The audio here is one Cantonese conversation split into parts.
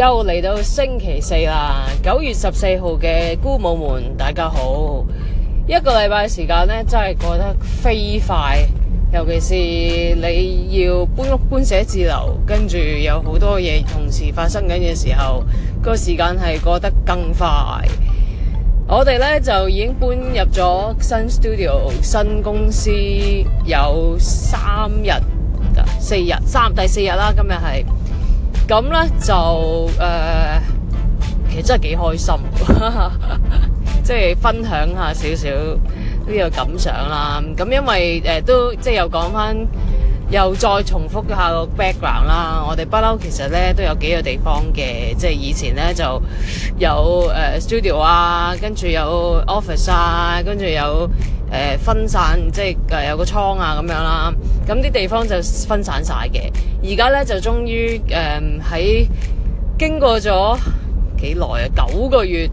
又嚟到星期四啦！九月十四號嘅菇武門，大家好。一個禮拜時間咧，真係過得飛快。尤其是你要搬屋、搬寫字樓，跟住有好多嘢同時發生緊嘅時候，個時間係過得更快。我哋呢，就已經搬入咗新 studio、新公司有三日、四日、三第四日啦，今日係。咁咧就誒、呃，其實真係幾開心，即係分享下少少呢個感想啦。咁因為誒、呃、都即係又講翻，又再重複下個 background 啦。我哋不嬲，其實咧都有幾個地方嘅，即係以前咧就有誒、呃、studio 啊，跟住有 office 啊，跟住有誒、呃、分散，即係誒有個倉啊咁樣啦。咁啲地方就分散曬嘅，而家咧就終於誒喺經過咗幾耐啊，九個月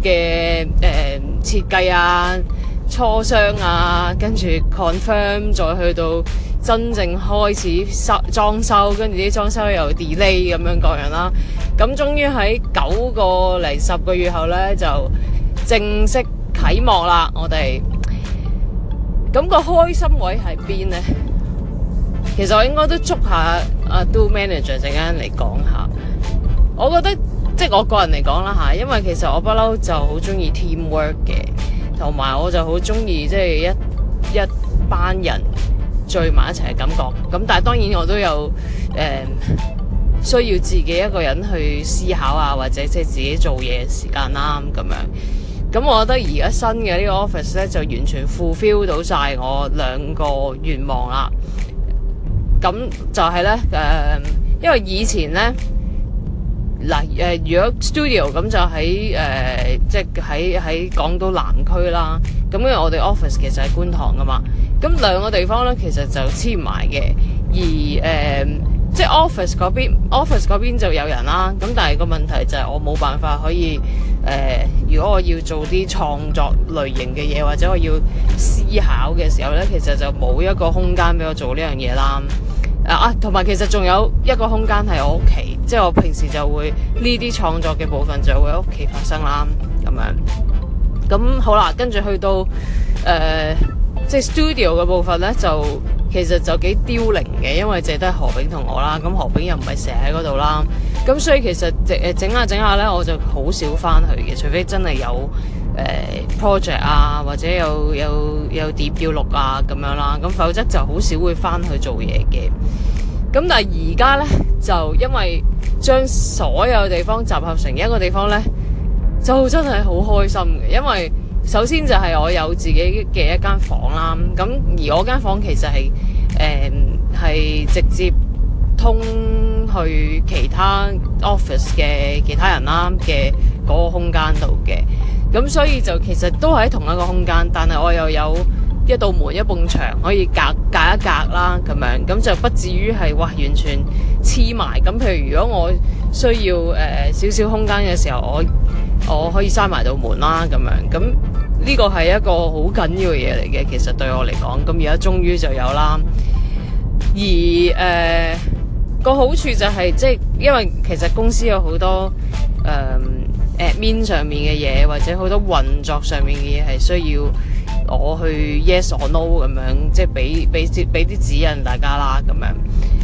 嘅誒設計啊、初商啊，跟住 confirm，再去到真正開始修裝修，跟住啲裝修又 delay 咁樣各樣啦。咁終於喺九個嚟十個月後咧，就正式啟幕啦！我哋。咁個開心位喺邊呢？其實我應該都捉下阿、啊、Do Manager 陣間嚟講下。我覺得即係我個人嚟講啦吓，因為其實我不嬲就好中意 teamwork 嘅，同埋我就好中意即係一一班人聚埋一齊嘅感覺。咁但係當然我都有誒、呃、需要自己一個人去思考啊，或者即係自己做嘢時間啦。咁樣。咁我覺得而家新嘅呢個 office 咧就完全 fulfill 到晒我兩個願望啦。咁就係咧誒，因為以前咧嗱誒，如果 studio 咁就喺誒，即係喺喺港島南區啦。咁因為我哋 office 其實喺觀塘噶嘛，咁兩個地方咧其實就黐埋嘅，而誒。呃即係 office 嗰邊，office 嗰邊就有人啦。咁但係個問題就係我冇辦法可以誒、呃，如果我要做啲創作類型嘅嘢或者我要思考嘅時候呢，其實就冇一個空間俾我做呢樣嘢啦。啊，同埋其實仲有一個空間係我屋企，即係我平時就會呢啲創作嘅部分就會喺屋企發生啦。咁樣咁好啦，跟住去到誒，即、呃、係、就是、studio 嘅部分呢，就。其實就幾凋零嘅，因為淨係得何炳同我啦，咁何炳又唔係成日喺嗰度啦，咁所以其實整下整下呢，我就好少翻去嘅，除非真係有誒、呃、project 啊，或者有有有碟要錄啊咁樣啦，咁否則就好少會翻去做嘢嘅。咁但係而家呢，就因為將所有地方集合成一個地方呢，就真係好開心嘅，因為。首先就係我有自己嘅一間房啦，咁而我間房其實係誒係直接通去其他 office 嘅其他人啦嘅嗰個空間度嘅，咁所以就其實都喺同一個空間，但係我又有一道門一埲牆可以隔隔一隔啦，咁樣咁就不至於係哇完全黐埋。咁譬如如果我需要誒、呃、少少空間嘅時候，我我可以閂埋道門啦，咁樣咁。呢個係一個好緊要嘅嘢嚟嘅，其實對我嚟講，咁而家終於就有啦。而誒、呃、個好處就係、是，即、就、係、是、因為其實公司有好多誒 Admin、呃、上面嘅嘢，或者好多運作上面嘅嘢係需要我去 yes or no 咁樣，即係俾俾俾啲指引大家啦咁樣。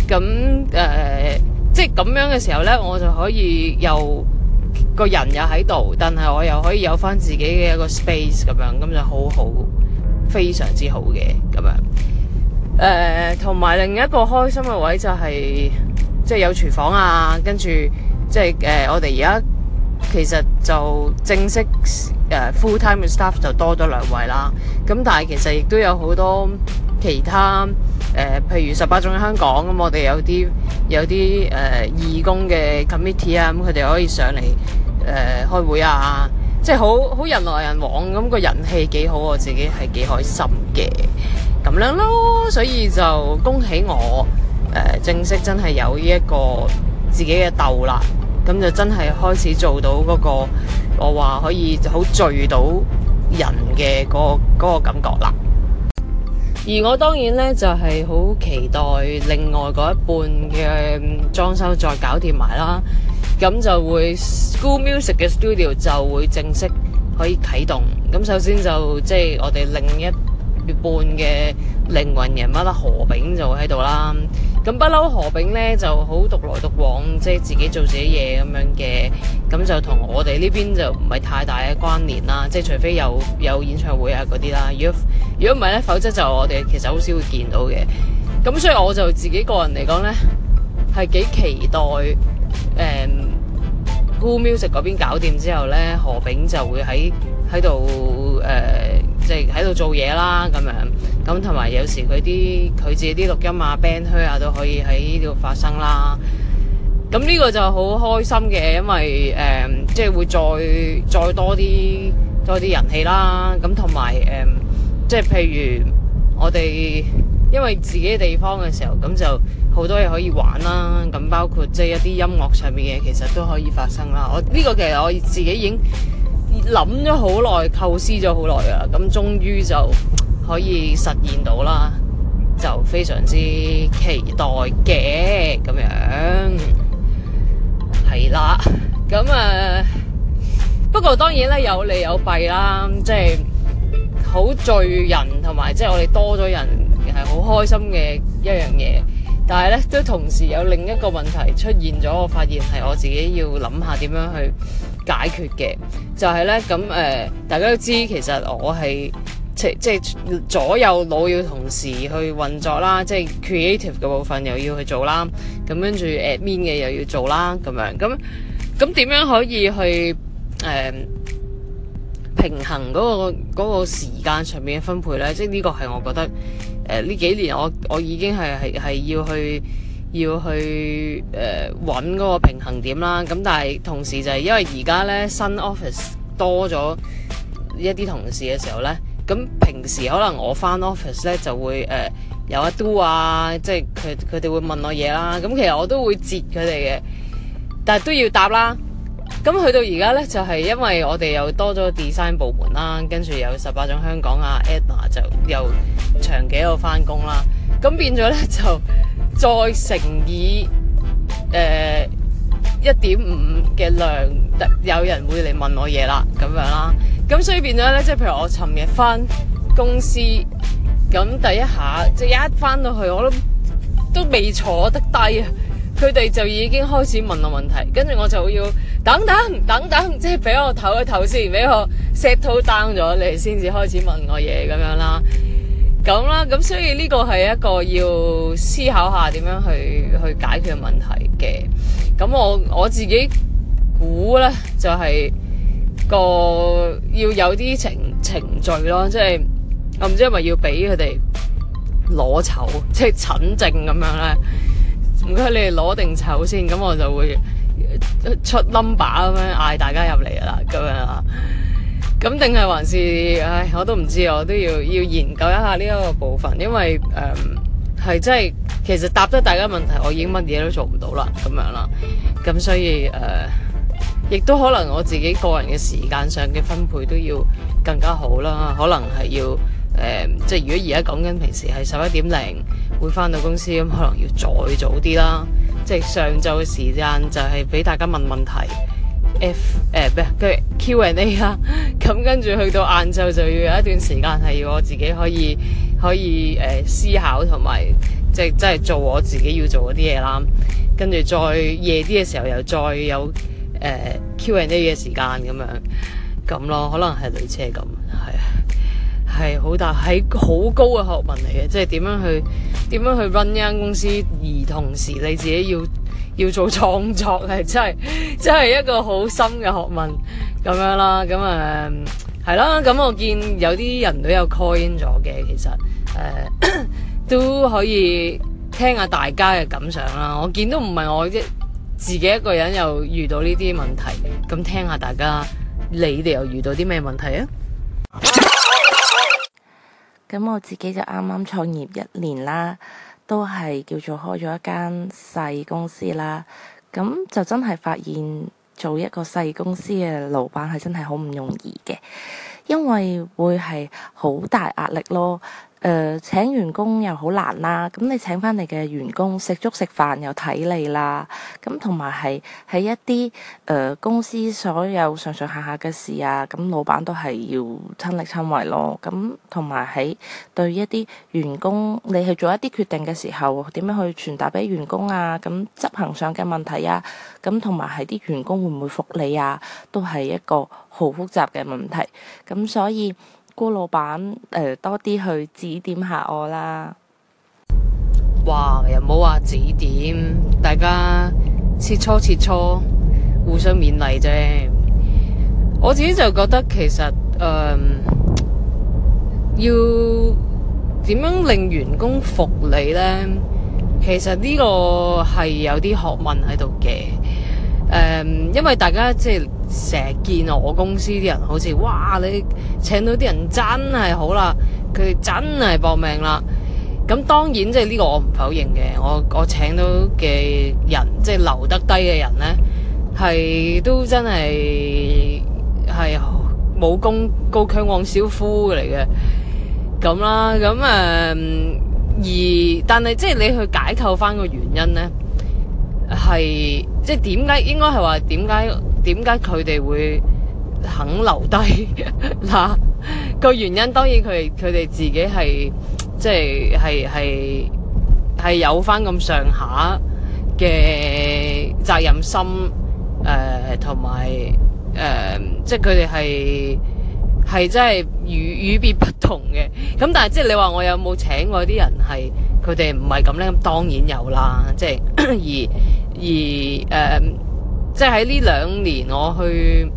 咁誒、呃、即係咁樣嘅時候呢，我就可以又，個人又喺度，但係我又可以有翻自己嘅一個 space 咁樣，咁就好好，非常之好嘅咁樣。誒，同埋另一個開心嘅位就係，即係有廚房啊，跟住即係誒，我哋而家其實就正式誒 full time 嘅 staff 就多咗兩位啦。咁但係其實亦都有好多。其他誒、呃，譬如十八中香港咁、嗯，我哋有啲有啲誒、呃、義工嘅 committee 啊，咁佢哋可以上嚟誒、呃、開會啊，即係好好人來人往咁，個人氣幾好，我自己係幾開心嘅咁樣咯。所以就恭喜我誒、呃、正式真係有呢一個自己嘅竇啦，咁就真係開始做到嗰、嗰個我話可以好聚到人嘅嗰嗰個感覺啦。而我當然咧就係、是、好期待另外嗰一半嘅裝修再搞掂埋啦，咁就會 School Music 嘅 studio 就會正式可以啟動。咁首先就即係、就是、我哋另一半嘅靈魂人物啦，何炳就喺度啦。咁不嬲，何炳咧就好獨來獨往，即係自己做自己嘢咁樣嘅，咁就同我哋呢邊就唔係太大嘅關聯啦。即係除非有有演唱會啊嗰啲啦，如果如果唔係咧，否則就我哋其實好少會見到嘅。咁所以我就自己個人嚟講咧，係幾期待誒 Cool Music 嗰邊搞掂之後咧，何炳就會喺喺度誒，即係喺度做嘢啦咁樣。咁同埋有時佢啲佢自己啲錄音啊、band 啊都可以喺呢度發生啦。咁呢個就好開心嘅，因為誒、嗯、即係會再再多啲多啲人氣啦。咁同埋誒即係譬如我哋因為自己地方嘅時候，咁就好多嘢可以玩啦。咁包括即係一啲音樂上面嘅嘢，其實都可以發生啦。我呢、這個其實我自己已經諗咗好耐、構思咗好耐噶啦，咁終於就～可以實現到啦，就非常之期待嘅咁樣，係啦。咁誒，不過當然咧有利有弊啦，即係好聚人同埋，即係我哋多咗人係好開心嘅一樣嘢。但係咧，都同時有另一個問題出現咗，我發現係我自己要諗下點樣去解決嘅，就係咧咁誒，大家都知其實我係。即係左右腦要同時去運作啦，即係 creative 嘅部分又要去做啦。咁跟住 admin 嘅又要做啦，咁樣咁咁點樣可以去誒平衡嗰個嗰個時間上面嘅分配咧？即係呢個係我覺得誒呢幾年我我已經係係係要去要去誒搵嗰個平衡點啦。咁但係同時就係因為而家咧新 office 多咗一啲同事嘅時候咧。咁平時可能我翻 office 咧就會誒、呃、有阿嘟啊，即係佢佢哋會問我嘢啦。咁其實我都會接佢哋嘅，但係都要答啦。咁去到而家咧就係、是、因為我哋又多咗 design 部門啦，跟住有十八種香港啊 Edna 就又長期喺度翻工啦。咁變咗咧就再乘以誒一點五嘅量，有人會嚟問我嘢啦，咁樣啦。咁所以變咗咧，即係譬如我尋日翻公司，咁第一下即係一翻到去，我都都，都未坐得低啊，佢哋就已經開始問我問題，跟住我就要等等等等，即係俾我唞一唞先，俾我 settle down 咗，你先至開始問我嘢咁樣啦，咁啦。咁所以呢個係一個要思考下點樣去去解決問題嘅，咁我我自己估咧就係、是。個要有啲程程序咯，即係我唔知係咪要俾佢哋攞籌，即係診症咁樣咧。唔該，你哋攞定籌先，咁我就會出 number 咁樣嗌大家入嚟啦，咁樣啦。咁定係還是，還是唉，我都唔知我都要要研究一下呢一個部分，因為誒係真係其實答得大家問題，我已經乜嘢都做唔到啦，咁樣啦，咁所以誒。呃亦都可能我自己個人嘅時間上嘅分配都要更加好啦。可能係要誒、呃，即係如果而家講緊平時係十一點零會返到公司，咁可能要再早啲啦。即係上晝嘅時間就係俾大家問問題，F 誒、呃，唔係佢 Q and A 啦、啊。咁 跟住去到晏晝就要有一段時間係要我自己可以可以誒、呃、思考同埋即係真係做我自己要做嗰啲嘢啦。跟住再夜啲嘅時候又再有。誒、呃、，Q and A 嘅時間咁樣，咁咯，可能係女車咁，係係好大，係好高嘅學問嚟嘅，即係點樣去點樣去 run 一間公司，而同時你自己要要做創作，係真係真係一個好深嘅學問咁樣啦。咁啊，係、嗯、啦。咁我見有啲人都有 call in 咗嘅，其實誒、呃、 都可以聽下大家嘅感想啦。我見都唔係我一。自己一個人又遇到呢啲問題，咁聽下大家你哋又遇到啲咩問題啊？咁我自己就啱啱創業一年啦，都係叫做開咗一間細公司啦。咁就真係發現做一個細公司嘅老闆係真係好唔容易嘅，因為會係好大壓力咯。誒、呃、請員工又好難啦，咁、嗯、你請翻你嘅員工食粥食飯又睇你啦，咁同埋係喺一啲誒、呃、公司所有上上下下嘅事啊，咁、嗯、老闆都係要親力親為咯，咁同埋喺對一啲員工你去做一啲決定嘅時候，點樣去傳達俾員工啊？咁、嗯、執行上嘅問題啊，咁同埋係啲員工會唔會服你啊？都係一個好複雜嘅問題，咁、嗯、所以。菇老闆，誒、呃，多啲去指點下我啦。哇，又冇話指點，大家切磋切磋，互相勉勵啫。我自己就覺得其實誒、呃，要點樣令員工服你呢？其實呢個係有啲學問喺度嘅。誒，um, 因為大家即係成日見我公司啲人，好似哇你請到啲人真係好啦，佢哋真係搏命啦。咁當然即係呢個我唔否認嘅，我我請到嘅人，即係留得低嘅人呢，係都真係係武功高強旺小夫嚟嘅咁啦。咁誒、嗯，而但係即係你去解構翻個原因呢，係。即係點解，應該係話點解點解佢哋會肯留低嗱，個原因？當然佢、佢哋自己係即係係係係有翻咁上下嘅責任心誒，同埋誒，即係佢哋係係真係與與別不同嘅。咁但係即係你話我有冇請過啲人係佢哋唔係咁咧？咁當然有啦，即係而。而誒、嗯，即喺呢兩年，我去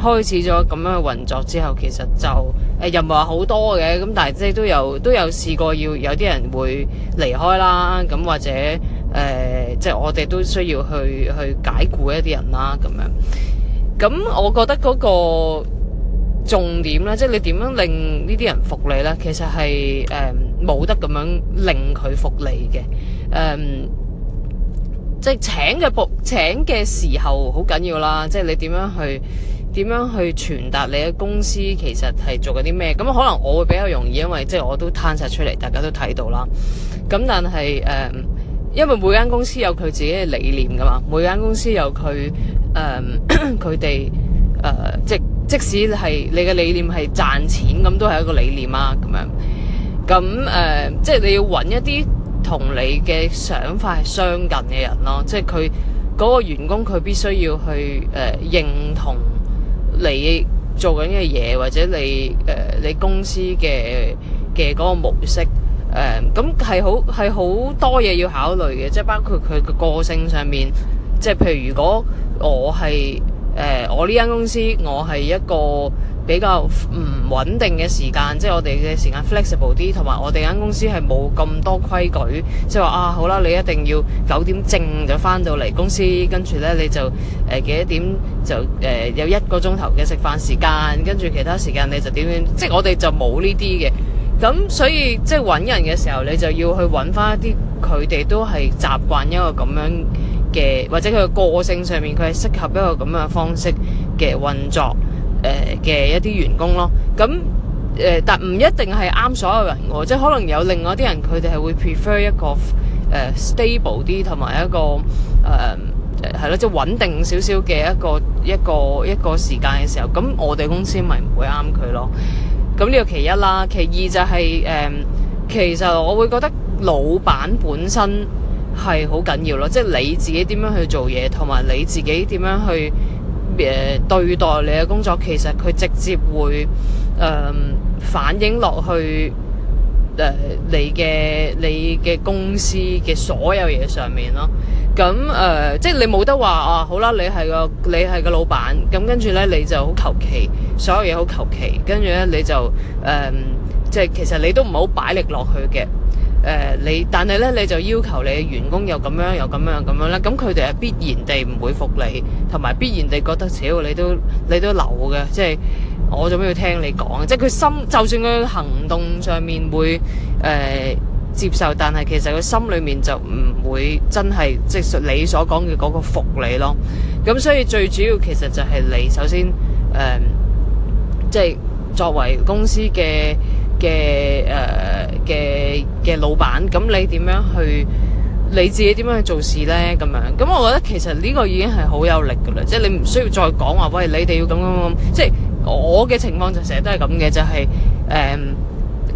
開始咗咁樣嘅運作之後，其實就誒、欸、又唔係話好多嘅，咁但係即係都有都有試過要有啲人會離開啦，咁或者誒、呃，即係我哋都需要去去解僱一啲人啦，咁樣。咁、嗯、我覺得嗰個重點咧，即係你點樣令呢啲人服你咧？其實係誒冇得咁樣令佢服你嘅，誒、嗯。即係請嘅請嘅時候好緊要啦，即係你點樣去點樣去傳達你嘅公司其實係做緊啲咩？咁可能我會比較容易，因為即係我都攤晒出嚟，大家都睇到啦。咁但係誒，因為每間公司有佢自己嘅理念噶嘛，每間公司有佢誒佢哋誒，即即使係你嘅理念係賺錢，咁都係一個理念啊。咁樣咁誒，即係你要揾一啲。同你嘅想法係相近嘅人咯，即係佢嗰個員工佢必須要去誒、呃、認同你做緊嘅嘢，或者你誒、呃、你公司嘅嘅嗰個模式誒，咁、呃、係好係好多嘢要考慮嘅，即係包括佢嘅個性上面，即係譬如如果我係。誒、呃，我呢間公司，我係一個比較唔穩定嘅時間，即係我哋嘅時間 flexible 啲，同埋我哋間公司係冇咁多規矩，即係話啊，好啦，你一定要九點正就翻到嚟公司，跟住呢，你就誒、呃、幾多點就誒、呃、有一個鐘頭嘅食飯時間，跟住其他時間你就點樣，即係我哋就冇呢啲嘅。咁所以即係揾人嘅時候，你就要去揾翻一啲佢哋都係習慣一個咁樣.嘅或者佢個個性上面，佢係適合一個咁樣嘅方式嘅運作誒嘅、呃、一啲員工咯，咁誒、呃、但唔一定係啱所有人喎，即係可能有另外一啲人佢哋係會 prefer 一個誒、呃、stable 啲同埋一個誒係咯，即係穩定少少嘅一個一個一個時間嘅時候，咁我哋公司咪唔會啱佢咯。咁呢個其一啦，其二就係、是、誒、呃，其實我會覺得老闆本身。係好緊要咯，即、就、係、是、你自己點樣去做嘢，同埋你自己點樣去誒、呃、對待你嘅工作，其實佢直接會誒、呃、反映落去誒、呃、你嘅你嘅公司嘅所有嘢上面咯。咁、嗯、誒、呃，即係你冇得話啊，好啦，你係個你係個老闆，咁、嗯、跟住呢，你就好求其，所有嘢好求其。」跟住呢，你就誒，即、呃、係、就是、其實你都唔好擺力落去嘅。誒你，但係咧，你就要求你員工又咁樣又咁樣咁樣啦，咁佢哋係必然地唔會服你，同埋必然地覺得，屌你都你都流嘅，即係我做咩要聽你講啊？即係佢心，就算佢行動上面會誒接受，但係其實佢心裏面就唔會真係，即係你所講嘅嗰個服你咯。咁所以最主要其實就係你首先誒，即係作為公司嘅。嘅誒嘅嘅老闆，咁你點樣去你自己點樣去做事咧？咁樣咁，我覺得其實呢個已經係好有力嘅啦，即係你唔需要再講話喂，你哋要咁咁咁。即係我嘅情況就成日都係咁嘅，就係、係、誒、呃、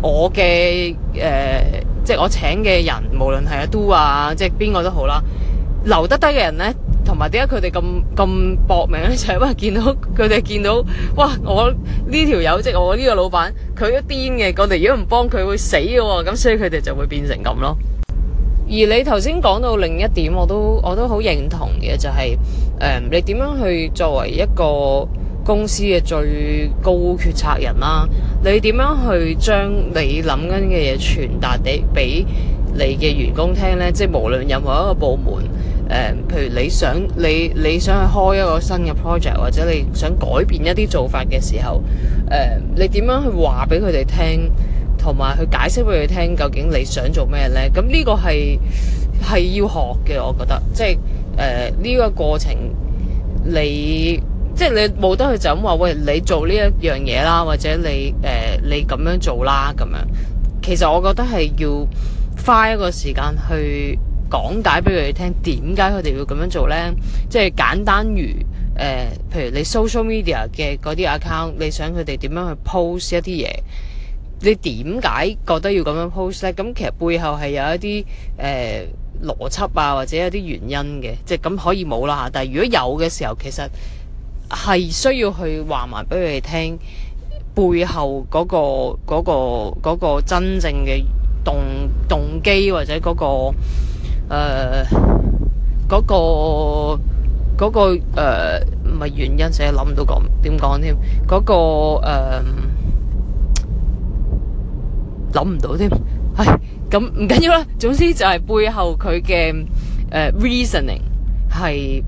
我嘅誒、呃，即係我請嘅人，無論係阿都啊，即係邊個都好啦，留得低嘅人咧。同埋，點解佢哋咁咁搏命咧？就係因為見到佢哋見到，哇！我呢條友即係我呢個老闆，佢一癲嘅，我哋如果唔幫佢會死㗎喎，咁所以佢哋就會變成咁咯。而你頭先講到另一點，我都我都好認同嘅，就係誒，你點樣去作為一個公司嘅最高決策人啦？你點樣去將你諗緊嘅嘢傳達俾俾你嘅員工聽呢？即係無論任何一個部門。呃、譬如你想你你想去開一個新嘅 project，或者你想改變一啲做法嘅時候，誒、呃，你點樣去話俾佢哋聽，同埋去解釋俾佢哋聽，究竟你想做咩呢？咁呢個係係要學嘅，我覺得，即係誒呢個過程，你即係你冇得去就咁話，喂，你做呢一樣嘢啦，或者你誒、呃、你咁樣做啦，咁樣，其實我覺得係要花一個時間去講解俾佢哋聽，點解佢哋要咁樣做呢？即係簡單如，如、呃、誒，譬如你 social media 嘅嗰啲 account，你想佢哋點樣去 post 一啲嘢？你點解覺得要咁樣 post 呢？咁、嗯、其實背後係有一啲誒、呃、邏輯啊，或者有一啲原因嘅，即係咁可以冇啦嚇。但係如果有嘅時候，其實係需要去話埋俾佢哋聽背後嗰、嗰個嗰、嗰個嗰、嗰個嗰個真正嘅動動機或者嗰、嗰個。誒，嗰個嗰個誒，唔係原因成日諗唔到講點講添，嗰個誒諗唔到添，係咁唔緊要啦。總之就係背後佢嘅誒 reasoning 係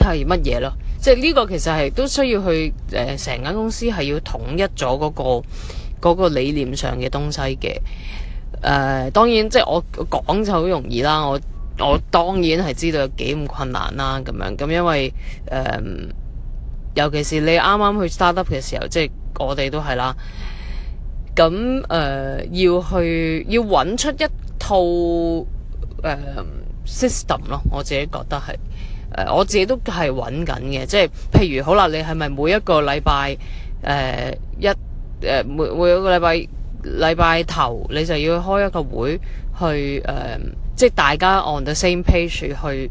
係乜嘢咯？即係呢個其實係都需要去誒，成間公司係要統一咗嗰個嗰個理念上嘅東西嘅。誒、呃，當然即係我講就好容易啦，我我當然係知道有幾咁困難啦，咁樣咁因為誒、呃，尤其是你啱啱去 startup 嘅時候，即係我哋都係啦。咁誒、呃，要去要搵出一套誒、呃、system 咯，我自己覺得係誒、呃，我自己都係搵緊嘅，即係譬如好啦，你係咪每一個禮拜誒一誒、呃、每每一個禮拜？禮拜頭你就要開一個會去誒、呃，即係大家 on the same page 去去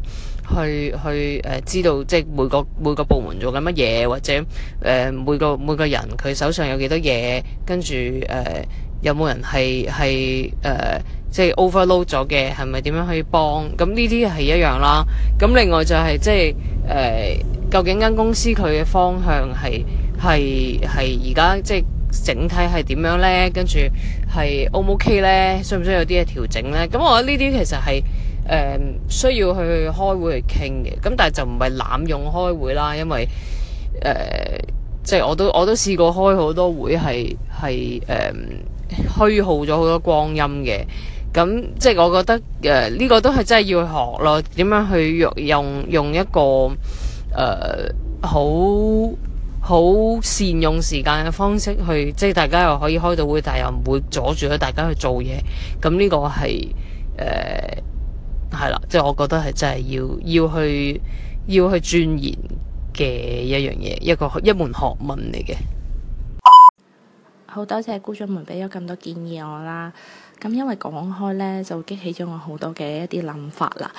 去誒、呃，知道即係每個每個部門做緊乜嘢，或者誒、呃、每個每個人佢手上有幾多嘢，跟住誒有冇人係係誒即係 overload 咗嘅，係咪點樣可以幫？咁呢啲係一樣啦。咁另外就係、是、即係誒、呃，究竟間公司佢嘅方向係係係而家即係。整體係點樣呢？跟住係 O 唔 OK 呢？需唔需要有啲嘢調整呢？咁我覺得呢啲其實係誒、呃、需要去開會去傾嘅。咁但係就唔係濫用開會啦，因為誒即係我都我都試過開好多會係係誒虛耗咗好多光陰嘅。咁即係我覺得誒呢、呃這個都係真係要學咯，點樣去用用用一個誒、呃、好。好善用時間嘅方式去，即係大家又可以開到會，但又唔會阻住咗大家去做嘢。咁呢個係誒係啦，即係我覺得係真係要要去要去鑽研嘅一樣嘢，一個一門學問嚟嘅。好多謝菇掌門俾咗咁多建議我啦。咁因為講開呢，就激起咗我好多嘅一啲諗法啦。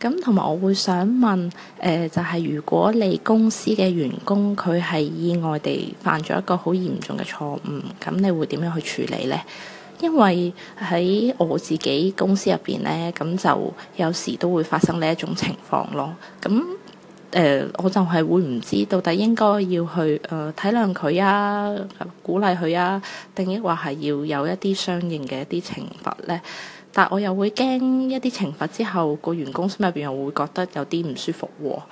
咁同埋我會想問，誒、呃、就係、係、如果你公司嘅員工佢係意外地犯咗一個好嚴重嘅錯誤，咁你會點樣去處理呢？因為喺我自己公司入邊呢，咁就有時都會發生呢一種情況咯。咁誒、呃，我就係會唔知到底應該要去誒、呃、體諒佢啊、呃，鼓勵佢啊，定抑或係要有一啲相應嘅一啲懲罰呢？但我又會驚一啲懲罰之後，個員工心入邊又會覺得有啲唔舒服喎、哦。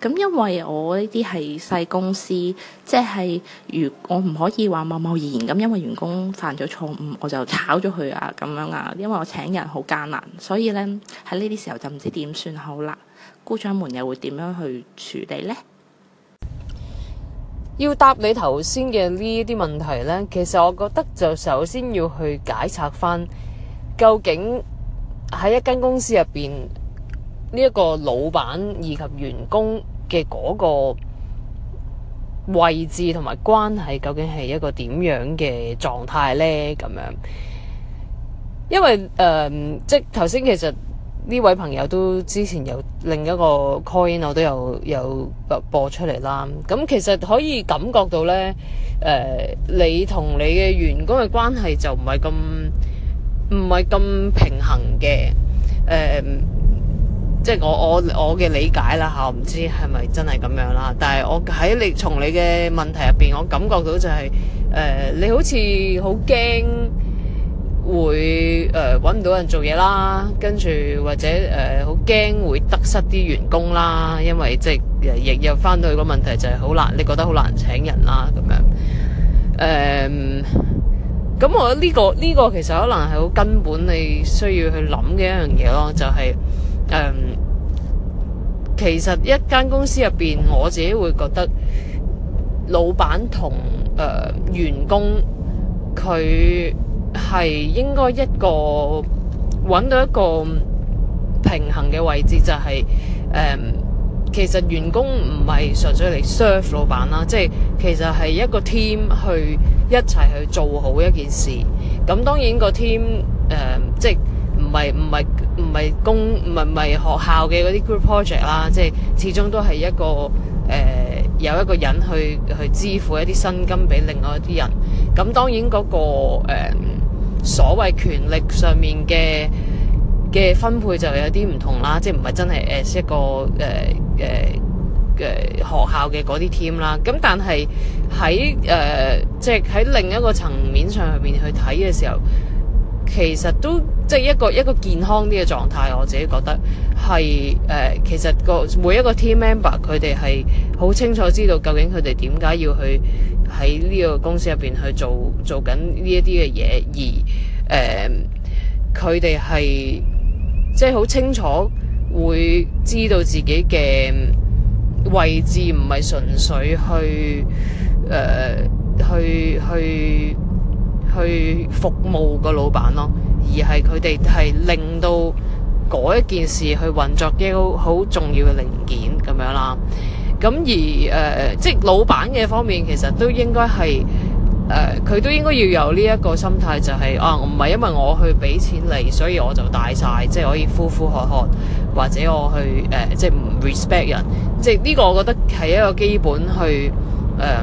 咁、嗯、因為我呢啲係細公司，即係如我唔可以話貿貿然咁，因為員工犯咗錯誤，我就炒咗佢啊咁樣啊。因為我請人好艱難，所以呢喺呢啲時候就唔知點算好啦。菇掌門又會點樣去處理呢？要答你頭先嘅呢啲問題呢，其實我覺得就首先要去解拆返。究竟喺一間公司入邊呢一個老闆以及員工嘅嗰個位置同埋關係，究竟係一個點樣嘅狀態咧？咁樣，因為誒、呃，即係頭先，其實呢位朋友都之前有另一個 call in，我都有有播播出嚟啦。咁其實可以感覺到咧，誒、呃，你同你嘅員工嘅關係就唔係咁。唔係咁平衡嘅，誒、嗯，即係我我我嘅理解啦吓，唔知係咪真係咁樣啦。但係我喺你從你嘅問題入邊，我感覺到就係、是，誒、呃，你好似好驚會誒搵唔到人做嘢啦，跟住或者誒好驚會得失啲員工啦，因為即係亦又翻到去個問題就係好難，你覺得好難請人啦咁樣，誒、嗯。咁我覺得呢個呢個其實可能係好根本你需要去諗嘅一樣嘢咯，就係誒，其實一間公司入邊，我自己會覺得，老闆同誒員工佢係應該一個揾到一個平衡嘅位置，就係誒。其實員工唔係純粹嚟 serve 老闆啦，即係其實係一個 team 去一齊去做好一件事。咁當然個 team 誒、呃，即係唔係唔係唔係公唔係唔係學校嘅嗰啲 group project 啦，即係始終都係一個誒、呃、有一個人去去支付一啲薪金俾另外一啲人。咁當然嗰、個、呃、所謂權力上面嘅嘅分配就有啲唔同啦，即係唔係真係誒一個誒誒誒學校嘅嗰啲 team 啦。咁但係喺誒即係喺另一個層面上面去睇嘅時候，其實都即係、就是、一個一個健康啲嘅狀態。我自己覺得係誒、uh, 其實個每一個 team member 佢哋係好清楚知道究竟佢哋點解要去喺呢個公司入邊去做做緊呢一啲嘅嘢，而誒佢哋係。Uh, 即係好清楚會知道自己嘅位置，唔係純粹去誒、呃、去去去服務個老闆咯，而係佢哋係令到嗰一件事去運作一個好重要嘅零件咁樣啦。咁而誒、呃，即係老闆嘅方面，其實都應該係。誒，佢、呃、都應該要有呢一個心態、就是，就係啊，唔係因為我去俾錢你，所以我就大晒，即係可以呼呼喝喝，或者我去誒、呃，即係唔 respect 人，即係呢個我覺得係一個基本去誒、呃，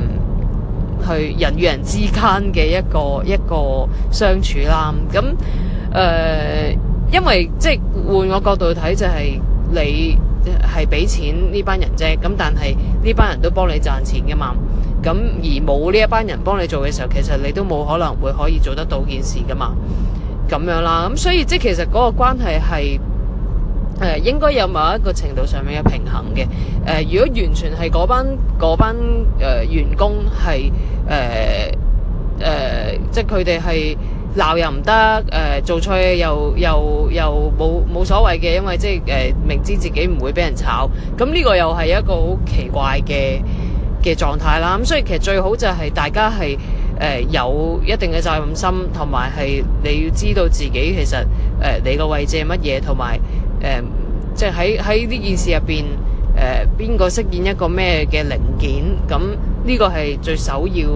去人與人之間嘅一個一個相處啦。咁、嗯、誒、呃，因為即係換個角度睇，就係、是、你係俾錢呢班人啫。咁但係呢班人都幫你賺錢噶嘛。咁而冇呢一班人幫你做嘅時候，其實你都冇可能會可以做得到件事㗎嘛，咁樣啦。咁所以即係其實嗰個關係係誒應該有某一個程度上面嘅平衡嘅。誒、呃、如果完全係嗰班嗰班誒員工係誒誒即係佢哋係鬧又唔得，誒、呃、做錯嘢又又又冇冇所謂嘅，因為即係誒、呃、明知自己唔會俾人炒，咁、呃、呢、這個又係一個好奇怪嘅嘅狀態啦，咁所以其實最好就係大家係誒、呃、有一定嘅責任心，同埋係你要知道自己其實誒、呃、你個位置係乜嘢，同埋誒即係喺喺呢件事入邊誒邊個飾演一個咩嘅零件。咁呢個係最首要，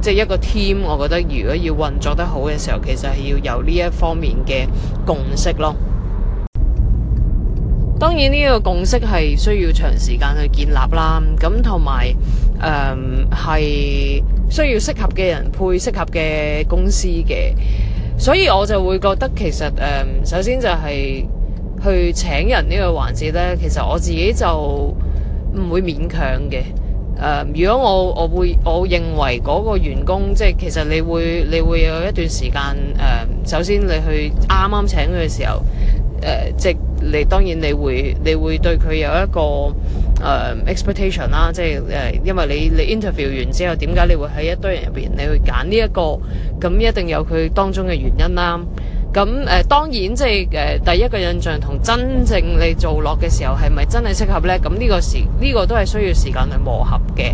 即係一個 team。我覺得如果要運作得好嘅時候，其實係要有呢一方面嘅共識咯。當然呢個共識係需要長時間去建立啦，咁同埋誒係需要適合嘅人配適合嘅公司嘅，所以我就會覺得其實誒、嗯、首先就係去請人呢個環節呢，其實我自己就唔會勉強嘅。誒、嗯，如果我我會，我認為嗰個員工即係、就是、其實你會你會有一段時間誒、嗯，首先你去啱啱請佢嘅時候。誒、呃，即係你當然你會你會對佢有一個誒 expectation、呃、啦，即係誒、呃，因為你你 interview 完之後，點解你會喺一堆人入邊你去揀呢一個？咁、嗯、一定有佢當中嘅原因啦。咁、嗯、誒、呃，當然即係誒、呃，第一個印象同真正你做落嘅時候係咪真係適合咧？咁、嗯、呢、呢個時呢、呢個都係需要時間去磨合嘅。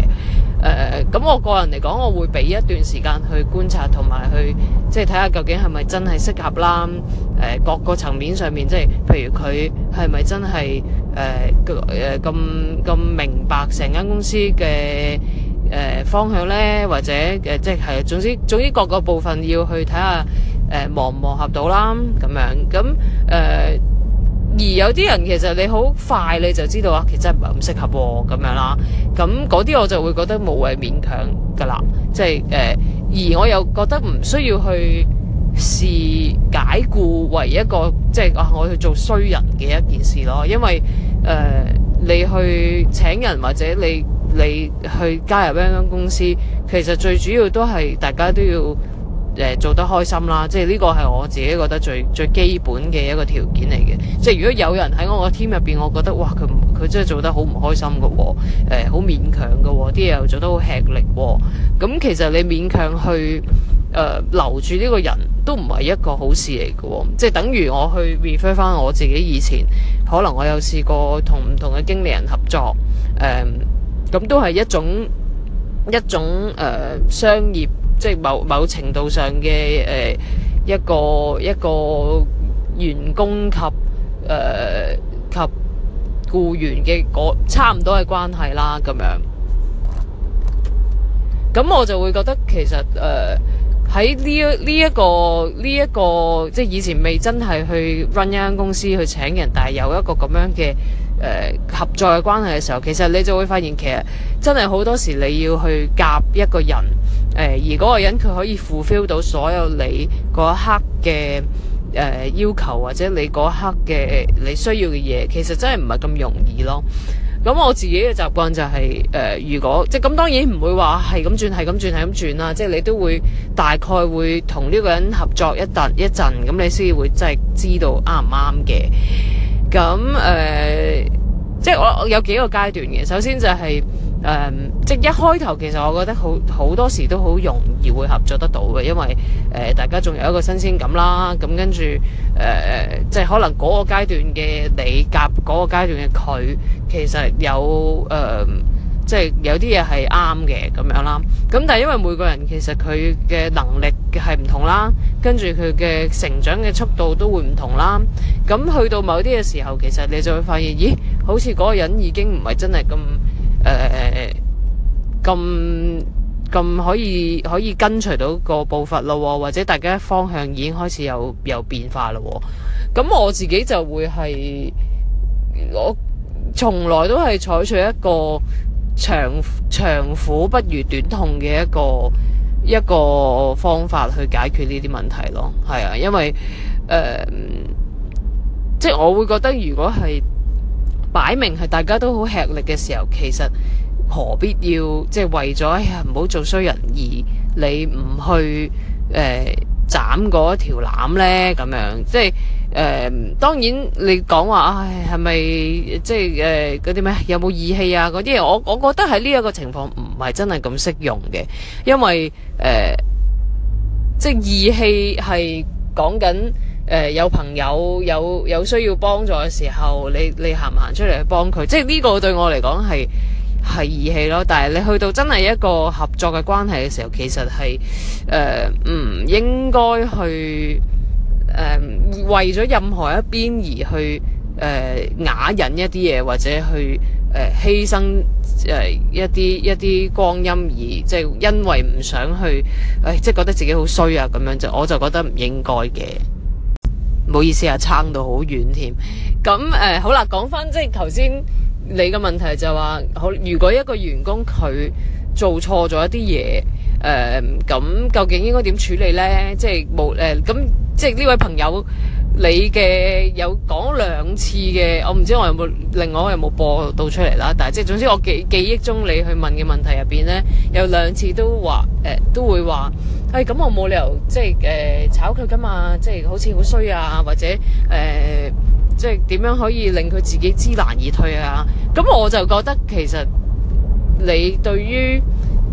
誒咁，我個人嚟講，我會俾一段時間去觀察同埋去即係睇下究竟係咪真係適合啦。誒，各個層面上面即係譬如佢係咪真係誒誒咁咁明白成間公司嘅誒方向咧，或者誒即係總之總之各個部分要去睇下誒磨唔磨合到啦，咁樣咁誒。而有啲人其實你好快你就知道啊，其實真係唔適合咁、啊、樣啦。咁嗰啲我就會覺得無謂勉強噶啦，即係誒，而我又覺得唔需要去視解僱為一個即係、就是啊、我去做衰人嘅一件事咯。因為誒、呃，你去請人或者你你去加入一間公司，其實最主要都係大家都要。誒、呃、做得開心啦，即係呢個係我自己覺得最最基本嘅一個條件嚟嘅。即係如果有人喺我個 team 入邊，我覺得哇，佢佢真係做得好唔開心嘅、哦，誒、呃、好勉強嘅、哦，啲嘢又做得好吃力、哦。咁、嗯、其實你勉強去誒、呃、留住呢個人，都唔係一個好事嚟嘅、哦。即係等於我去 refer 返我自己以前，可能我有試過同唔同嘅經理人合作，誒、嗯、咁、嗯嗯、都係一種一種誒、呃、商業。即係某某程度上嘅誒、呃、一個一個員工及誒、呃、及僱員嘅差唔多嘅關係啦，咁樣咁我就會覺得其實誒喺呢一呢一個呢一個即係以前未真係去 run 一間公司去請人，但係有一個咁樣嘅誒、呃、合作嘅關係嘅時候，其實你就會發現其實真係好多時你要去夾一個人。誒而嗰個人佢可以 fulfill 到所有你嗰一刻嘅誒、呃、要求或者你嗰一刻嘅你需要嘅嘢，其實真係唔係咁容易咯。咁我自己嘅習慣就係、是、誒、呃，如果即係咁當然唔會話係咁轉係咁轉係咁轉啦。即係你都會大概會同呢個人合作一段一陣，咁你先會真係知道啱唔啱嘅。咁誒、呃，即係我，我有幾個階段嘅，首先就係、是。誒，um, 即一開頭，其實我覺得好好多時都好容易會合作得到嘅，因為誒、呃，大家仲有一個新鮮感啦。咁、嗯、跟住誒即係可能嗰個階段嘅你夾嗰、嗰個階段嘅佢，其實有誒，即、呃、係、就係、有啲嘢係啱嘅咁樣啦。咁但係因為每個人其實佢嘅能力係唔同啦，跟住佢嘅成長嘅速度都會唔同啦。咁、嗯、去到某啲嘅時候，其實你就會發現，咦，好似嗰個人已經唔係真係咁。誒，咁咁、呃、可以可以跟隨到個步伐咯，或者大家方向已經開始有有變化咯。咁我自己就會係我從來都係採取一個長長苦不如短痛嘅一個一個方法去解決呢啲問題咯。係啊，因為誒、呃，即係我會覺得如果係。擺明係大家都好吃力嘅時候，其實何必要即係、就是、為咗唔好做衰人而你唔去誒、呃、斬嗰條纜呢？咁樣即係誒、呃，當然你講話唉，係咪即係誒嗰啲咩有冇義氣啊？嗰啲我我覺得喺呢一個情況唔係真係咁適用嘅，因為誒、呃、即係義氣係講緊。誒、呃，有朋友有有需要幫助嘅時候，你你行唔行出嚟去幫佢？即係呢個對我嚟講係係義氣咯。但係你去到真係一個合作嘅關係嘅時候，其實係誒唔應該去誒、呃、為咗任何一邊而去誒啞忍一啲嘢，或者去誒犧、呃、牲誒、呃、一啲一啲光陰，而即係因為唔想去誒、哎，即係覺得自己好衰啊咁樣，就我就覺得唔應該嘅。唔好意思啊，撐到好遠添。咁誒、呃、好啦，講翻即係頭先你嘅問題就話、是，好如果一個員工佢做錯咗一啲嘢，誒、呃、咁究竟應該點處理呢？即係冇誒咁，即係呢位朋友你嘅有講兩次嘅，我唔知我有冇另外我有冇播到出嚟啦。但係即係總之我記記憶中你去問嘅問題入邊呢，有兩次都話誒、呃、都會話。哎，咁我冇理由即係誒、呃、炒佢㗎嘛，即係好似好衰啊，或者誒、呃、即係點樣可以令佢自己知難而退啊？咁我就覺得其實你對於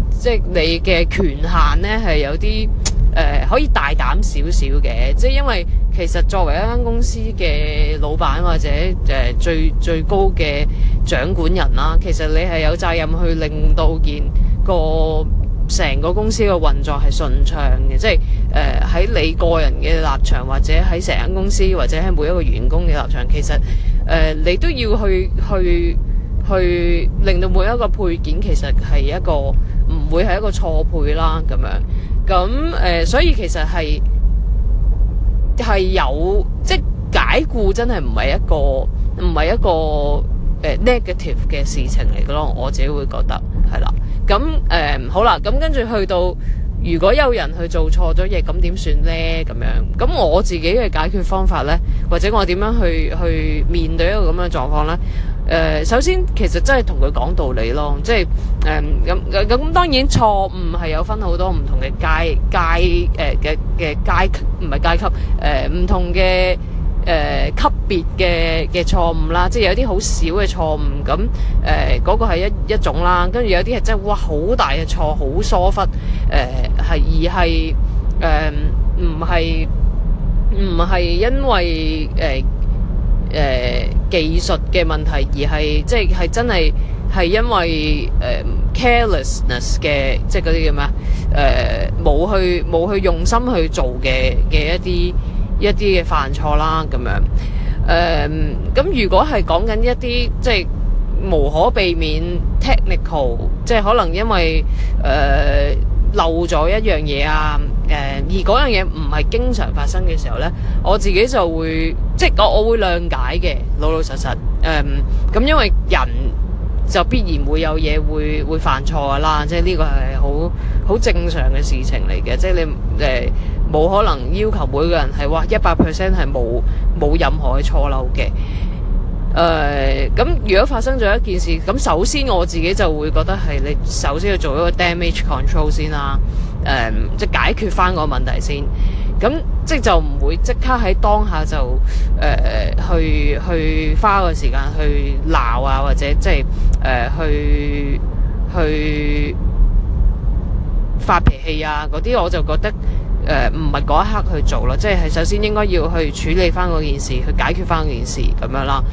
即係你嘅權限咧係有啲誒、呃、可以大膽少少嘅，即係因為其實作為一間公司嘅老闆或者誒、呃、最最高嘅掌管人啦，其實你係有責任去令到件個成個公司嘅運作係順暢嘅，即係誒喺你個人嘅立場或者喺成間公司，或者喺每一個員工嘅立場，其實誒、呃、你都要去去去令到每一個配件其實係一個唔會係一個錯配啦咁樣，咁誒、呃、所以其實係係有即解僱真係唔係一個唔係一個誒、呃、negative 嘅事情嚟嘅咯，我自己會覺得係啦。咁誒、嗯、好啦，咁跟住去到，如果有人去做錯咗嘢，咁點算呢？咁樣，咁、嗯嗯、我自己嘅解決方法呢，或者我點樣去去面對一個咁嘅狀況呢？誒、呃，首先其實真係同佢講道理咯，即係誒咁咁當然錯誤係有分好多唔同嘅階階誒嘅嘅階級，唔係階級誒唔同嘅。誒、呃、級別嘅嘅錯誤啦，即係有啲好少嘅錯誤咁，誒嗰、呃嗰個係一一種啦，跟住有啲係真係哇好大嘅錯，好疏忽誒係、呃、而係誒唔係唔係因為誒誒、呃呃、技術嘅問題，而係即係係真係係因為誒、呃、carelessness 嘅，即係嗰啲叫咩啊？冇、呃、去冇去用心去做嘅嘅一啲。一啲嘅犯錯啦，咁樣，誒、呃，咁如果係講緊一啲即係無可避免 technical，即係可能因為誒、呃、漏咗一樣嘢啊，誒、呃，而嗰樣嘢唔係經常發生嘅時候呢，我自己就會即係、就是、我我會諒解嘅，老老實實，誒、呃，咁因為人就必然會有嘢會會犯錯噶啦，即係呢個係好好正常嘅事情嚟嘅，即、就、係、是、你誒。呃冇可能要求每個人係哇一百 percent 係冇冇任何嘅錯漏嘅、呃。誒咁，如果發生咗一件事，咁首先我自己就會覺得係你首先要做一個 damage control 先啦、啊。誒、呃，即解決返個問題先。咁即就唔會即刻喺當下就誒、呃、去去花個時間去鬧啊，或者即係誒、呃、去去發脾氣啊嗰啲，我就覺得。誒唔係嗰一刻去做咯，即係首先應該要去處理翻嗰件事，去解決翻件事咁樣啦。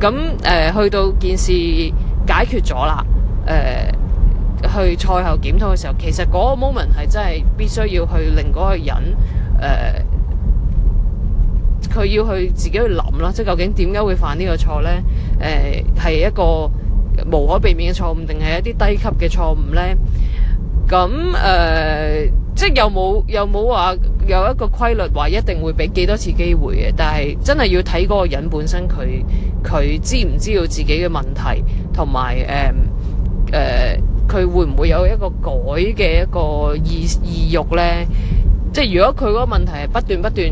咁、嗯、誒、呃、去到件事解決咗啦，誒、呃、去賽後檢討嘅時候，其實嗰個 moment 係真係必須要去令嗰個人誒，佢、呃、要去自己去諗啦，即係究竟點解會犯呢個錯呢？誒、呃、係一個無可避免嘅錯誤，定係一啲低級嘅錯誤呢？咁、嗯、誒？呃即係又冇又冇話有，有一個規律話一定會俾幾多次機會嘅，但係真係要睇嗰個人本身佢佢知唔知道自己嘅問題，同埋誒誒，佢、呃呃、會唔會有一個改嘅一個意意欲呢？即係如果佢嗰個問題係不斷不斷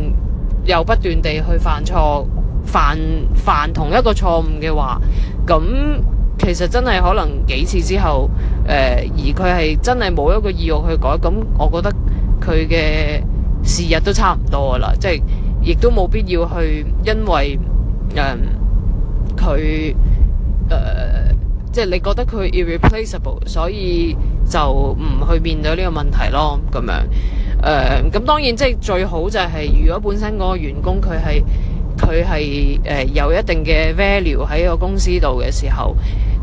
又不斷地去犯錯、犯犯同一個錯誤嘅話，咁。其實真係可能幾次之後，誒、呃，而佢係真係冇一個意欲去改，咁我覺得佢嘅時日都差唔多噶啦，即係亦都冇必要去因為誒佢誒，即、呃、係、呃就是、你覺得佢 irreplaceable，所以就唔去面對呢個問題咯，咁樣誒，咁、呃、當然即係最好就係、是、如果本身嗰個員工佢係。佢係誒有一定嘅 value 喺個公司度嘅時候，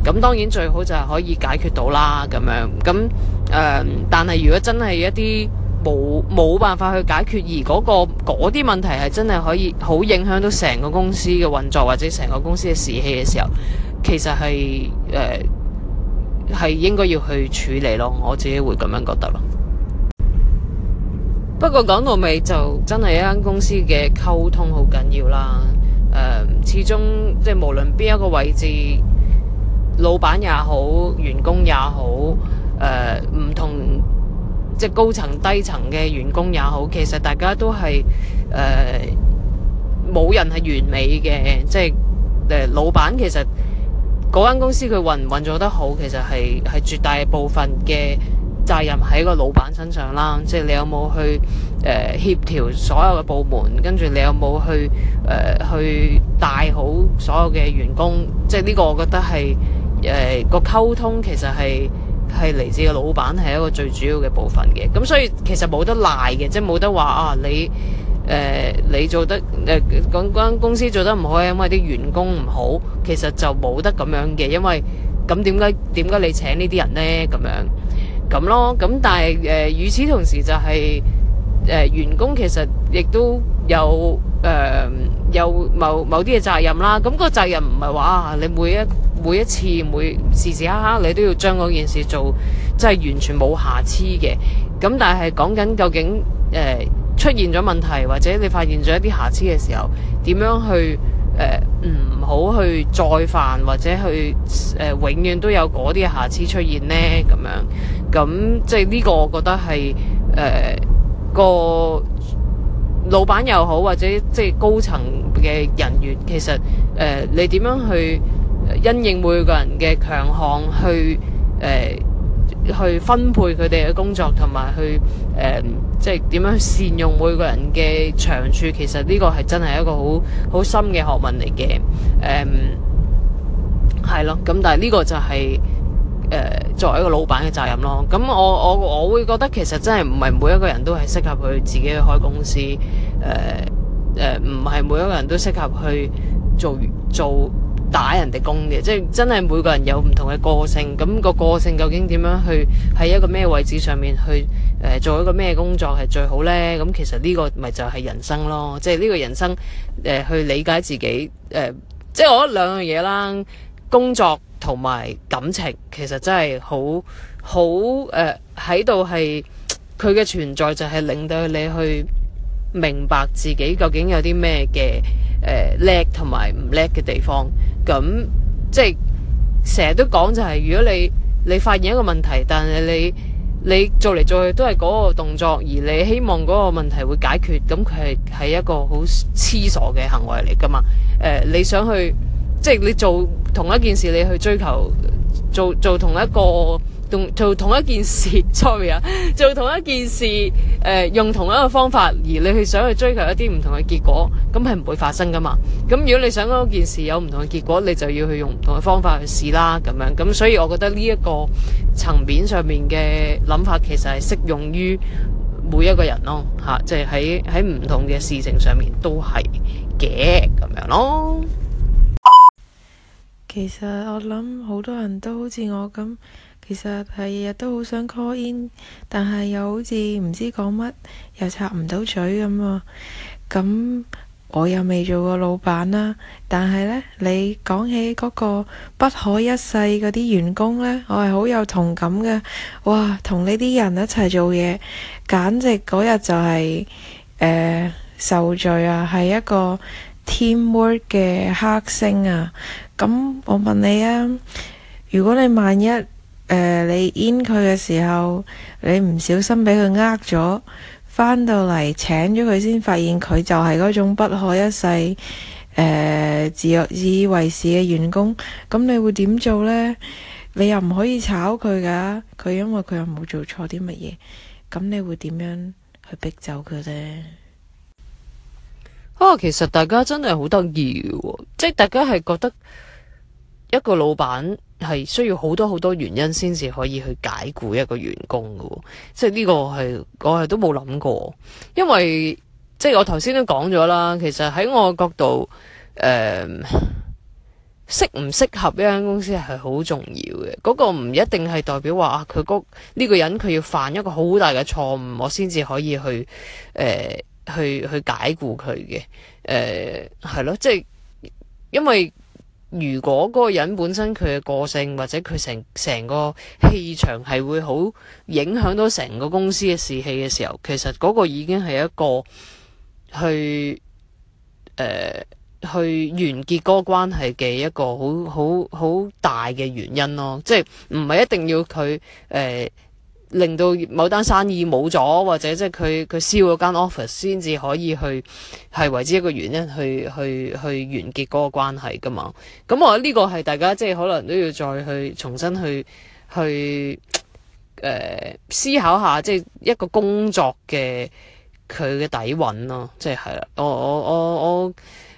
咁、嗯、當然最好就係可以解決到啦，咁樣咁誒、嗯。但係如果真係一啲冇冇辦法去解決而，嗰個、而嗰個嗰啲問題係真係可以好影響到成個公司嘅運作或者成個公司嘅士氣嘅時候，其實係誒係應該要去處理咯。我自己會咁樣覺得咯。不過講到尾就真係一間公司嘅溝通好緊要啦。呃、始終即係無論邊一個位置，老闆也好，員工也好，誒唔同即係高層低層嘅員工也好，其實大家都係誒冇人係完美嘅。即係誒、呃、老闆其實嗰間公司佢運唔運做得好，其實係係絕大部分嘅責任喺個老闆身上啦，即係你有冇去誒、呃、協調所有嘅部門，跟住你有冇去誒、呃、去帶好所有嘅員工？即係呢個，我覺得係誒個溝通其實係係嚟自個老闆係一個最主要嘅部分嘅。咁所以其實冇得賴嘅，即係冇得話啊，你誒、呃、你做得誒嗰間公司做得唔好，因為啲員工唔好，其實就冇得咁樣嘅。因為咁點解點解你請呢啲人呢？咁樣。咁咯，咁但係誒，與、呃、此同時就係、是、誒、呃，員工其實亦都有誒、呃，有某某啲嘅責任啦。咁個責任唔係話啊，你每一每一次每時時刻刻，刻你都要將嗰件事做，即係完全冇瑕疵嘅。咁但係講緊究竟誒、呃、出現咗問題，或者你發現咗一啲瑕疵嘅時候，點樣去誒唔、呃、好去再犯，或者去誒、呃、永遠都有嗰啲瑕疵出現呢？咁樣。咁即係呢個，我覺得係誒、呃、個老闆又好，或者即係高層嘅人員，其實誒、呃、你點樣去因應每個人嘅強項去誒、呃、去分配佢哋嘅工作，同埋去誒、呃、即係點樣善用每個人嘅長處，其實呢個係真係一個好好深嘅學問嚟嘅。誒、嗯，係咯，咁但係呢個就係、是。誒作為一個老闆嘅責任咯，咁我我我會覺得其實真係唔係每一個人都係適合去自己去開公司，誒誒唔係每一個人都適合去做做打人哋工嘅，即係真係每個人有唔同嘅個性，咁個個性究竟點樣去喺一個咩位置上面去誒做一個咩工作係最好呢？咁其實呢個咪就係人生咯，即係呢個人生誒去理解自己誒，即係我覺得兩樣嘢啦，工作，同埋感情，其實真係好好誒喺度，係佢嘅存在就係令到你去明白自己究竟有啲咩嘅誒叻同埋唔叻嘅地方。咁即係成日都講就係，如果你你發現一個問題，但係你你做嚟做去都係嗰個動作，而你希望嗰個問題會解決，咁佢係係一個好痴傻嘅行為嚟㗎嘛？誒，你想去？即係你做同一件事，你去追求做做同一個動做同一件事，sorry 啊，做同一件事，誒、 呃、用同一個方法，而你去想去追求一啲唔同嘅結果，咁係唔會發生噶嘛？咁如果你想嗰件事有唔同嘅結果，你就要去用唔同嘅方法去試啦，咁樣。咁所以我覺得呢一個層面上面嘅諗法，其實係適用於每一個人咯，吓、啊，即係喺喺唔同嘅事情上面都係嘅咁樣咯。其實我諗好多人都好似我咁，其實係日日都好想 call in，但係又好似唔知講乜，又插唔到嘴咁啊！咁我又未做過老闆啦，但係呢，你講起嗰個不可一世嗰啲員工呢，我係好有同感嘅。哇，同呢啲人一齊做嘢，簡直嗰日就係、呃、受罪啊！係一個～teamwork 嘅黑星啊！咁我問你啊，如果你萬一誒、呃、你 in 佢嘅時候，你唔小心俾佢呃咗，返到嚟請咗佢先，發現佢就係嗰種不可一世誒、呃、自、自以為是嘅員工，咁你會點做呢？你又唔可以炒佢噶、啊，佢因為佢又冇做錯啲乜嘢，咁你會點樣去逼走佢呢？啊、哦，其實大家真係好得意嘅，即係大家係覺得一個老闆係需要好多好多原因先至可以去解雇一個員工嘅，即係呢個係我係都冇諗過，因為即係我頭先都講咗啦，其實喺我角度，誒、呃、適唔適合一間公司係好重要嘅，嗰、那個唔一定係代表話啊佢嗰呢個人佢要犯一個好大嘅錯誤，我先至可以去誒。呃去去解僱佢嘅，誒，係咯，即係因為如果嗰個人本身佢嘅個性或者佢成成個氣場係會好影響到成個公司嘅士氣嘅時候，其實嗰個已經係一個去誒、呃、去完結嗰個關係嘅一個好好好大嘅原因咯，即係唔係一定要佢誒。呃令到某單生意冇咗，或者即係佢佢燒咗間 office，先至可以去係為之一個原因去去去完結嗰個關係㗎嘛？咁我覺得呢個係大家即係可能都要再去重新去去誒、呃、思考下，即係一個工作嘅佢嘅底蘊咯。即係係啦，我我我我誒、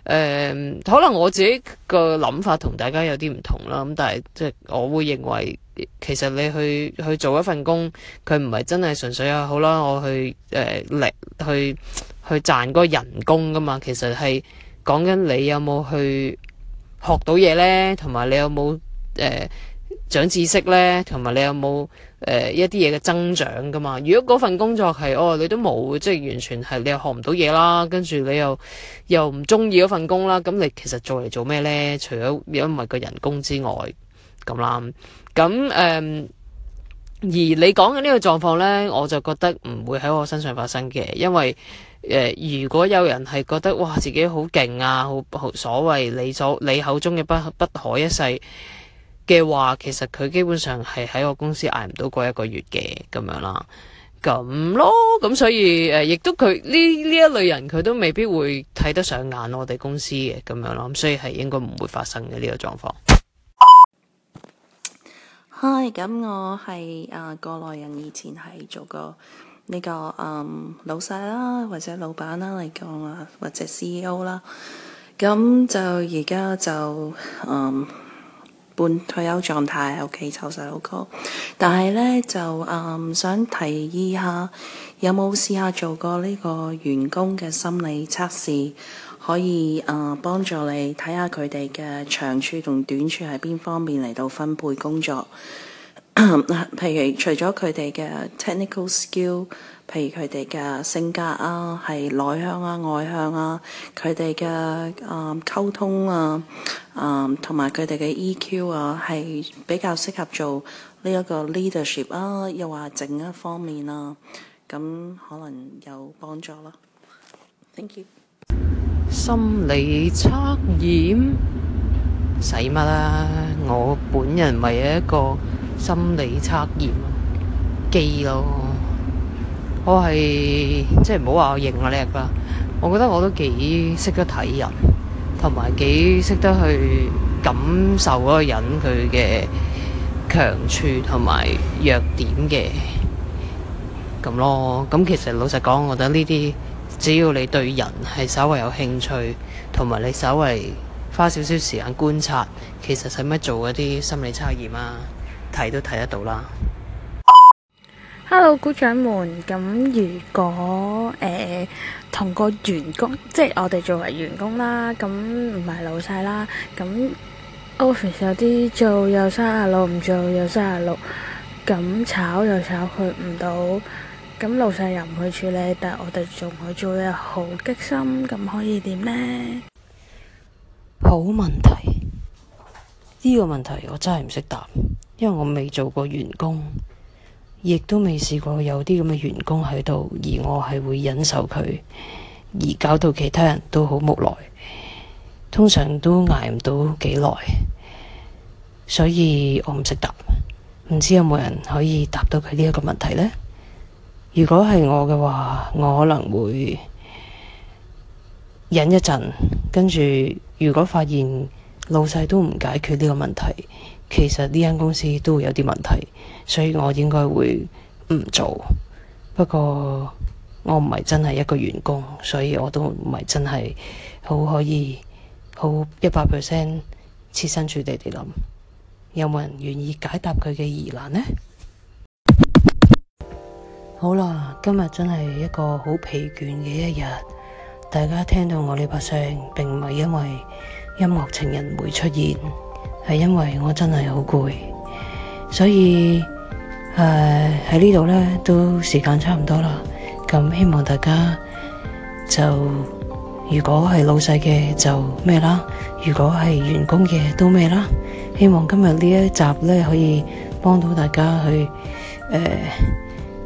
呃，可能我自己個諗法同大家有啲唔同啦。咁但係即係我會認為。其實你去去做一份工，佢唔係真係純粹啊！好啦，我去誒、呃、力去去賺個人工噶嘛，其實係講緊你有冇去學到嘢呢？同埋你有冇誒、呃、長知識呢？同埋你有冇誒、呃、一啲嘢嘅增長噶嘛？如果嗰份工作係哦，你都冇，即係完全係你又學唔到嘢啦，跟住你又又唔中意嗰份工啦，咁你其實做嚟做咩呢？除咗如果唔係個人工之外，咁啦。咁誒、嗯，而你講嘅呢個狀況呢，我就覺得唔會喺我身上發生嘅，因為誒、呃，如果有人係覺得哇自己好勁啊，好、好所謂你所你口中嘅不不可一世嘅話，其實佢基本上係喺我公司挨唔到過一個月嘅咁樣啦，咁咯，咁所以誒，亦、呃、都佢呢呢一類人佢都未必會睇得上眼我哋公司嘅咁樣咯，咁所以係應該唔會發生嘅呢、這個狀況。嗨，咁、嗯、我係誒過來人，以前係做過呢、這個誒、嗯、老細啦，或者老闆啦嚟講啊，或者 CEO 啦。咁、嗯、就而家就誒、嗯、半退休狀態，喺屋企湊細佬哥，但係咧就誒、嗯、想提議下，有冇試下做過呢個員工嘅心理測試？可以誒，幫助你睇下佢哋嘅長處同短處喺邊方面嚟到分配工作。譬如除咗佢哋嘅 technical skill，譬如佢哋嘅性格啊，係內向啊、外向啊，佢哋嘅誒溝通啊，誒同埋佢哋嘅 EQ 啊，係比較適合做呢一個 leadership 啊，又話整一方面啊，咁可能有幫助啦。Thank you。心理測驗使乜啦？我本人咪一個心理測驗機咯。我係即係唔好話我型我叻啦。我覺得我都幾識得睇人，同埋幾識得去感受嗰個人佢嘅強處同埋弱點嘅咁咯。咁其實老實講，我覺得呢啲。只要你對人係稍為有興趣，同埋你稍為花少少時間觀察，其實使乜做嗰啲心理測驗啊？睇都睇得到啦。Hello，菇掌門，咁如果誒、呃、同個員工，即、就、係、是、我哋作為員工啦，咁唔係老細啦，咁 office 有啲做又三十六，唔做又三十六，咁炒又炒佢唔到。咁路上又唔去處理，但係我哋仲去做嘅，好激心，咁可以點呢？好問題。呢個問題我真係唔識答，因為我未做過員工，亦都未試過有啲咁嘅員工喺度，而我係會忍受佢，而搞到其他人都好無奈，通常都挨唔到幾耐，所以我唔識答，唔知有冇人可以答到佢呢一個問題咧？如果係我嘅話，我可能會忍一陣，跟住如果發現老細都唔解決呢個問題，其實呢間公司都會有啲問題，所以我應該會唔做。不過我唔係真係一個員工，所以我都唔係真係好可以好一百 percent 切身處地地諗。有冇人願意解答佢嘅疑難呢？好啦，今日真係一個好疲倦嘅一日。大家聽到我呢把聲，並唔係因為音樂情人會出現，係因為我真係好攰。所以誒喺呢度呢，都時間差唔多啦。咁、嗯、希望大家就如果係老細嘅就咩啦，如果係員工嘅都咩啦。希望今日呢一集呢，可以幫到大家去誒。呃